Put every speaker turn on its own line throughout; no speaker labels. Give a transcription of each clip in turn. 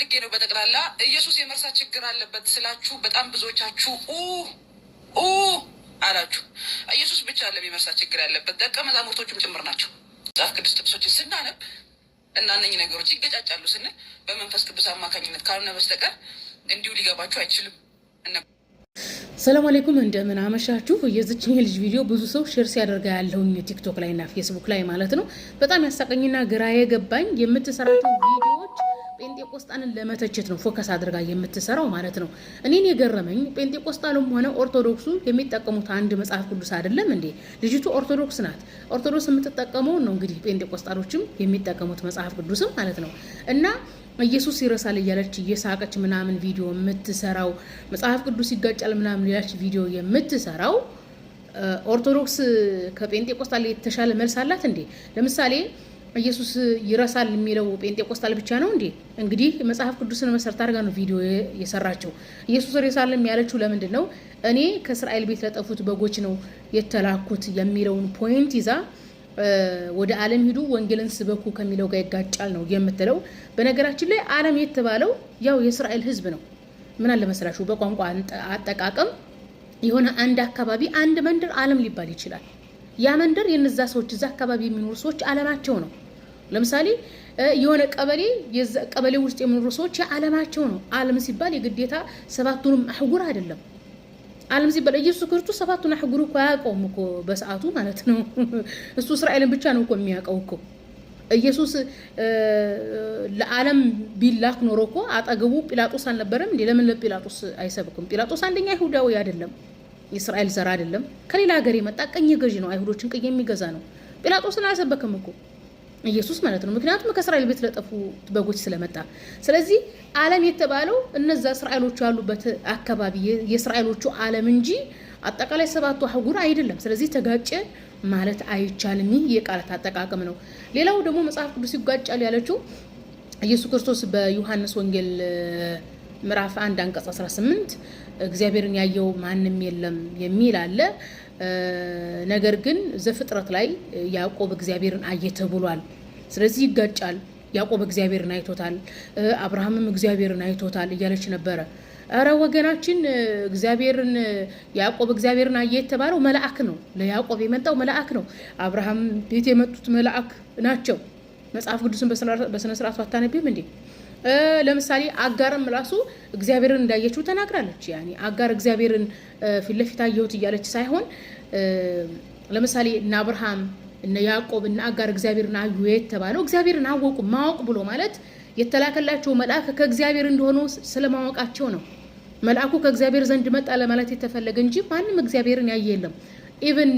ፈልጌ ነው። በጠቅላላ ኢየሱስ የመርሳት ችግር አለበት ስላችሁ በጣም ብዙዎቻችሁ ኡ አላችሁ። ኢየሱስ ብቻ አለም የመርሳት ችግር ያለበት ደቀ መዛሙርቶቹም ጭምር ናቸው። መጽሐፍ ቅዱስ ጥቅሶችን ስናነብ እና እነኝህ ነገሮች ይገጫጫሉ ስንል በመንፈስ ቅዱስ አማካኝነት ካልሆነ በስተቀር እንዲሁ ሊገባችሁ አይችልም።
ሰላም አለይኩም እንደምን አመሻችሁ። የዚችን የልጅ ቪዲዮ ብዙ ሰው ሼር ሲያደርጋ ያለውኝ ቲክቶክ ላይ እና ፌስቡክ ላይ ማለት ነው። በጣም ያሳቀኝና ግራ የገባኝ የምትሰራቸው ቪዲዮዎች ጴንጤቆስጣንን ለመተቸት ነው ፎከስ አድርጋ የምትሰራው ማለት ነው። እኔን የገረመኝ ጴንጤቆስጣሉም ሆነ ኦርቶዶክሱ የሚጠቀሙት አንድ መጽሐፍ ቅዱስ አይደለም እንዴ? ልጅቱ ኦርቶዶክስ ናት። ኦርቶዶክስ የምትጠቀመውን ነው እንግዲህ ጴንጤቆስጣሎችም የሚጠቀሙት መጽሐፍ ቅዱስም ማለት ነው እና ኢየሱስ ይረሳል እያለች እየሳቀች ምናምን ቪዲዮ የምትሰራው መጽሐፍ ቅዱስ ይጋጫል ምናምን ሌላች ቪዲዮ የምትሰራው ኦርቶዶክስ ከጴንጤቆስጣል የተሻለ መልስ አላት እንዴ? ለምሳሌ ኢየሱስ ይረሳል የሚለው ጴንጤቆስታል ብቻ ነው እንዴ? እንግዲህ መጽሐፍ ቅዱስን መሰረት አድርጋ ነው ቪዲዮ የሰራቸው። ኢየሱስ ይረሳልም ያለችው ለምንድን ነው? እኔ ከእስራኤል ቤት ለጠፉት በጎች ነው የተላኩት የሚለውን ፖይንት ይዛ ወደ ዓለም ሂዱ ወንጌልን ስበኩ ከሚለው ጋር ይጋጫል ነው የምትለው። በነገራችን ላይ ዓለም የተባለው ያው የእስራኤል ሕዝብ ነው። ምን አለ መሰላችሁ፣ በቋንቋ አጠቃቀም የሆነ አንድ አካባቢ አንድ መንደር ዓለም ሊባል ይችላል። ያ መንደር የነዛ ሰዎች እዛ አካባቢ የሚኖሩ ሰዎች ዓለማቸው ነው። ለምሳሌ የሆነ ቀበሌ ቀበሌ ውስጥ የሚኖሩ ሰዎች የዓለማቸው ነው። ዓለም ሲባል የግዴታ ሰባቱንም አህጉር አይደለም። ዓለም ሲባል ኢየሱስ ክርስቶስ ሰባቱን አህጉር እኮ አያውቀውም እኮ በሰዓቱ ማለት ነው። እሱ እስራኤልን ብቻ ነው እኮ የሚያውቀው እኮ ኢየሱስ ለዓለም ቢላክ ኖሮ እኮ አጠገቡ ጲላጦስ አልነበረም እንዴ? ለምን ለጲላጦስ አይሰብክም? ጲላጦስ አንደኛ ይሁዳዊ አይደለም፣ የእስራኤል ዘር አይደለም፣ ከሌላ ሀገር የመጣ ቀኝ ገዢ ነው፣ አይሁዶችን ቅኝ የሚገዛ ነው። ጲላጦስን አልሰበክም እኮ ኢየሱስ ማለት ነው። ምክንያቱም ከእስራኤል ቤት ለጠፉ በጎች ስለመጣ፣ ስለዚህ ዓለም የተባለው እነዛ እስራኤሎቹ ያሉበት አካባቢ የእስራኤሎቹ ዓለም እንጂ አጠቃላይ ሰባቱ አህጉር አይደለም። ስለዚህ ተጋጨ ማለት አይቻልም። ይህ የቃላት አጠቃቀም ነው። ሌላው ደግሞ መጽሐፍ ቅዱስ ይጋጫል ያለችው ኢየሱስ ክርስቶስ በዮሐንስ ወንጌል ምዕራፍ 1 አንቀጽ 18 እግዚአብሔርን ያየው ማንም የለም የሚል አለ። ነገር ግን ዘፍጥረት ላይ ያዕቆብ እግዚአብሔርን አየ ተብሏል። ስለዚህ ይጋጫል። ያዕቆብ እግዚአብሔርን አይቶታል፣ አብርሃምም እግዚአብሔርን አይቶታል እያለች ነበረ። እረ ወገናችን እግዚአብሔርን ያዕቆብ እግዚአብሔርን አየ የተባለው መልአክ ነው። ለያዕቆብ የመጣው መልአክ ነው። አብርሃም ቤት የመጡት መልአክ ናቸው። መጽሐፍ ቅዱስን በስነ ስርዓቱ አታነቢም እንዴ? ለምሳሌ አጋርም ራሱ እግዚአብሔርን እንዳየችው ተናግራለች። ያኔ አጋር እግዚአብሔርን ፊት ለፊት አየሁት እያለች ሳይሆን ለምሳሌ እነ አብርሃም እነ ያዕቆብ እና አጋር እግዚአብሔርን አዩ የተባለው እግዚአብሔርን አወቁ። ማወቅ ብሎ ማለት የተላከላቸው መልአክ ከእግዚአብሔር እንደሆኑ ስለማወቃቸው ነው። መልአኩ ከእግዚአብሔር ዘንድ መጣ ለማለት የተፈለገ እንጂ ማንም እግዚአብሔርን ያየ የለም። ኢቨን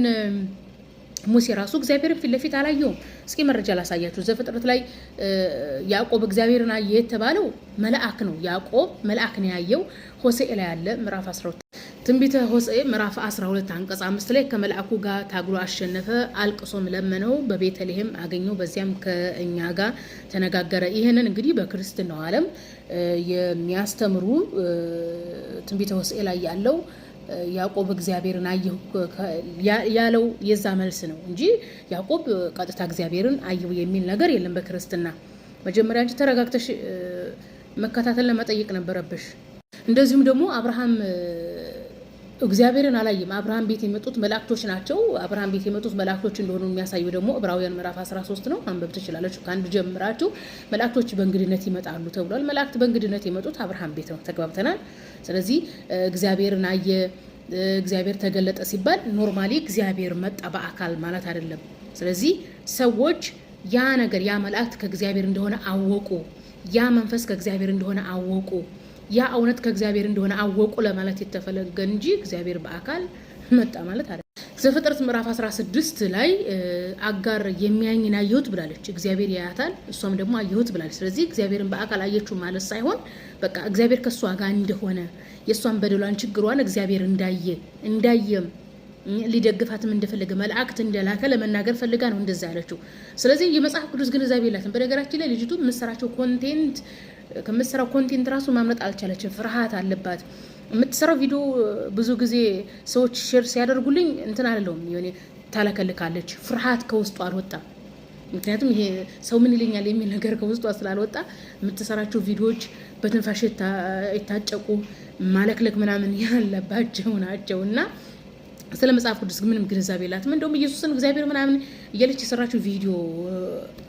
ሙሴ ራሱ እግዚአብሔርን ፊት ለፊት አላየውም። እስኪ መረጃ ላሳያችሁ። ዘፍጥረት ላይ ያዕቆብ እግዚአብሔርን አየ የተባለው መልአክ ነው። ያዕቆብ መልአክ ነው ያየው። ሆሴዕ ላይ ያለ ምዕራፍ 12 ትንቢተ ሆሴዕ ምዕራፍ 12 አንቀጽ 5 ላይ ከመልአኩ ጋር ታግሎ አሸነፈ፣ አልቅሶም ለመነው፣ በቤተልሔም አገኘው፣ በዚያም ከእኛ ጋር ተነጋገረ። ይህንን እንግዲህ በክርስትናው ዓለም የሚያስተምሩ ትንቢተ ሆሴዕ ላይ ያለው ያዕቆብ እግዚአብሔርን አየሁ ያለው የዛ መልስ ነው እንጂ ያዕቆብ ቀጥታ እግዚአብሔርን አየሁ የሚል ነገር የለም በክርስትና። መጀመሪያ እንጂ ተረጋግተሽ መከታተል ለመጠየቅ ነበረብሽ። እንደዚሁም ደግሞ አብርሃም እግዚአብሔርን አላየም። አብርሃም ቤት የመጡት መላእክቶች ናቸው። አብርሃም ቤት የመጡት መላእክቶች እንደሆኑ የሚያሳዩ ደግሞ ዕብራውያን ምዕራፍ 13 ነው። አንበብ ትችላለች። ከአንድ ጀምራችሁ መላእክቶች በእንግድነት ይመጣሉ ተብሏል። መላእክት በእንግድነት የመጡት አብርሃም ቤት ነው። ተግባብተናል። ስለዚህ እግዚአብሔርን አየ፣ እግዚአብሔር ተገለጠ ሲባል ኖርማሊ እግዚአብሔር መጣ በአካል ማለት አይደለም። ስለዚህ ሰዎች ያ ነገር ያ መላእክት ከእግዚአብሔር እንደሆነ አወቁ፣ ያ መንፈስ ከእግዚአብሔር እንደሆነ አወቁ። ያ እውነት ከእግዚአብሔር እንደሆነ አወቁ ለማለት የተፈለገ እንጂ እግዚአብሔር በአካል መጣ ማለት አለ። ዘፍጥረት ምዕራፍ 16 ላይ አጋር የሚያኝን አየሁት ብላለች። እግዚአብሔር ያያታል፣ እሷም ደግሞ አየሁት ብላለች። ስለዚህ እግዚአብሔርን በአካል አየችው ማለት ሳይሆን በቃ እግዚአብሔር ከእሷ ጋር እንደሆነ የእሷን በደሏን፣ ችግሯን እግዚአብሔር እንዳየ እንዳየም ሊደግፋትም እንደፈለገ መልአክት እንደላከ ለመናገር ፈልጋ ነው እንደዛ ያለችው። ስለዚህ የመጽሐፍ ቅዱስ ግንዛቤ የላትም። በነገራችን ላይ ልጅቱ የምትሰራቸው ኮንቴንት ከምትሰራው ኮንቴንት ራሱ ማምለጥ አልቻለችም። ፍርሃት አለባት። የምትሰራው ቪዲዮ ብዙ ጊዜ ሰዎች ሼር ሲያደርጉልኝ እንትን አለውም ሆኔ ታለከልካለች። ፍርሃት ከውስጡ አልወጣም። ምክንያቱም ይሄ ሰው ምን ይለኛል የሚል ነገር ከውስጧ ስላልወጣ የምትሰራቸው ቪዲዮዎች በትንፋሽ የታጨቁ ማለክለክ ምናምን ያለባቸው ናቸው እና ስለ መጽሐፍ ቅዱስ ምንም ግንዛቤ የላትም። እንደውም ኢየሱስን እግዚአብሔር ምናምን እያለች የሰራችው ቪዲዮ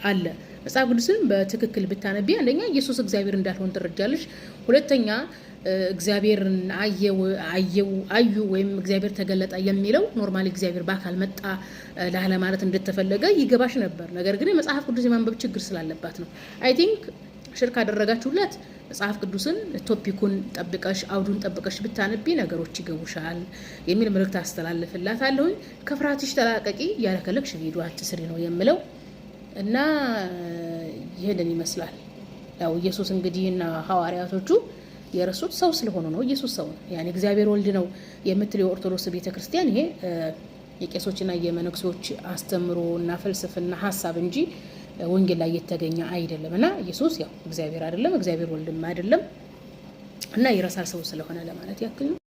አለ። መጽሐፍ ቅዱስን በትክክል ብታነቢ አንደኛ ኢየሱስ እግዚአብሔር እንዳልሆን ትረጃለች። ሁለተኛ እግዚአብሔርን አየው አዩ ወይም እግዚአብሔር ተገለጠ የሚለው ኖርማሊ እግዚአብሔር በአካል መጣ ላለማለት እንደተፈለገ ይገባሽ ነበር። ነገር ግን የመጽሐፍ ቅዱስ የማንበብ ችግር ስላለባት ነው አይ ቲንክ ሽር ካደረጋችሁለት መጽሐፍ ቅዱስን ቶፒኩን ጠብቀሽ አውዱን ጠብቀሽ ብታነቢ ነገሮች ይገቡሻል የሚል መልእክት አስተላልፍላታለሁኝ። ከፍርሃትሽ ተላቀቂ፣ ያለከለክሽ ቪዲዮ አትስሪ ነው የምለው እና ይህንን ይመስላል። ያው ኢየሱስ እንግዲህ እና ሐዋርያቶቹ የረሱት ሰው ስለሆኑ ነው። ኢየሱስ ሰው ነው፣ እግዚአብሔር ወልድ ነው የምትለው የኦርቶዶክስ ቤተክርስቲያን ይሄ የቄሶችና የመነኩሴዎች አስተምሮ እና ፍልስፍና ሀሳብ እንጂ ወንጌል ላይ የተገኘ አይደለም እና ኢየሱስ ያው እግዚአብሔር አይደለም፣ እግዚአብሔር ወልድም አይደለም እና ይረሳል ሰው ስለሆነ ለማለት ያክል ነው።